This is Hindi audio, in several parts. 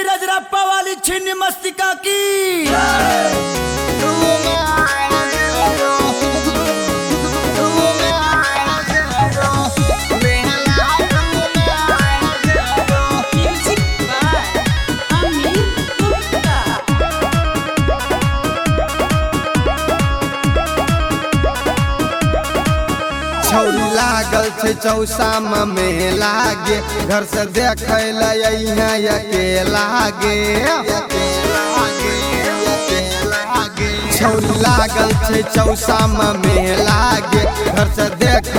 नीरज रप्पा वाली छिन्न मस्तिका की लागल चौसा चौसाम में लागे घर से देख लगे गे लागल चौसा चौसाम में लागे घर से देख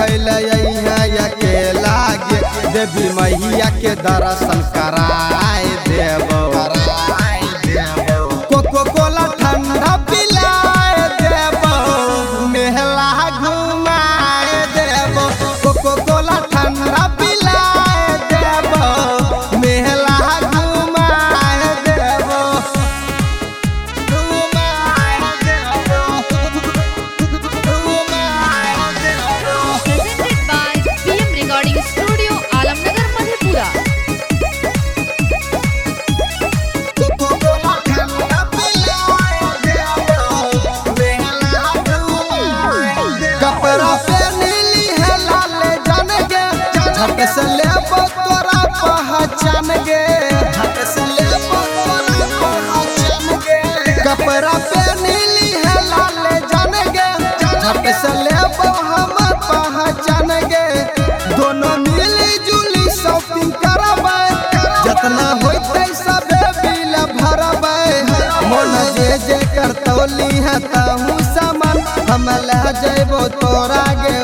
अकेला गे देवी मैया के दर्शन कराए देव झट से ले तोरा पहचान गे झट से ले कपड़ा पे नीली है लाल जान गे झट से ले हम पहचान गे दोनों मिली जुली शॉपिंग जितना होते सब बिल भरबे मोन जे जे करतौली है तहू सामान हम ले जेबो तोरा गे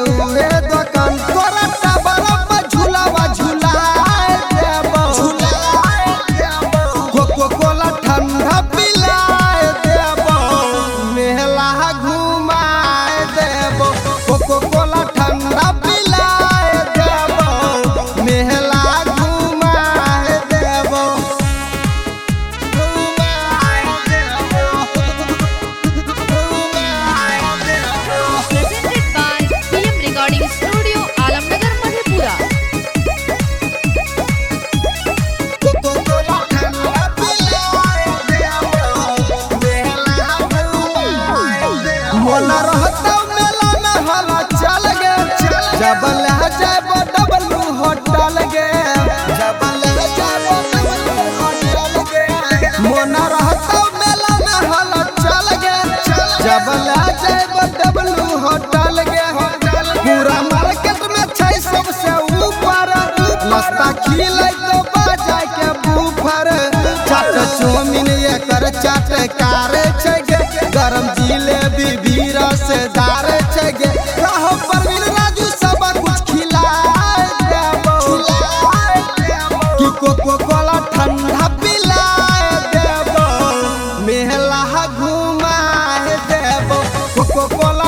सरकार छगे गरम जिलेबी भी रसदार छगे कहो परवीन राजू सब कुछ खिलाए देबो खिलाए देबो कि कोको कोला ठंडा पिलाए देबो मेहला घुमाए देबो कोको कोला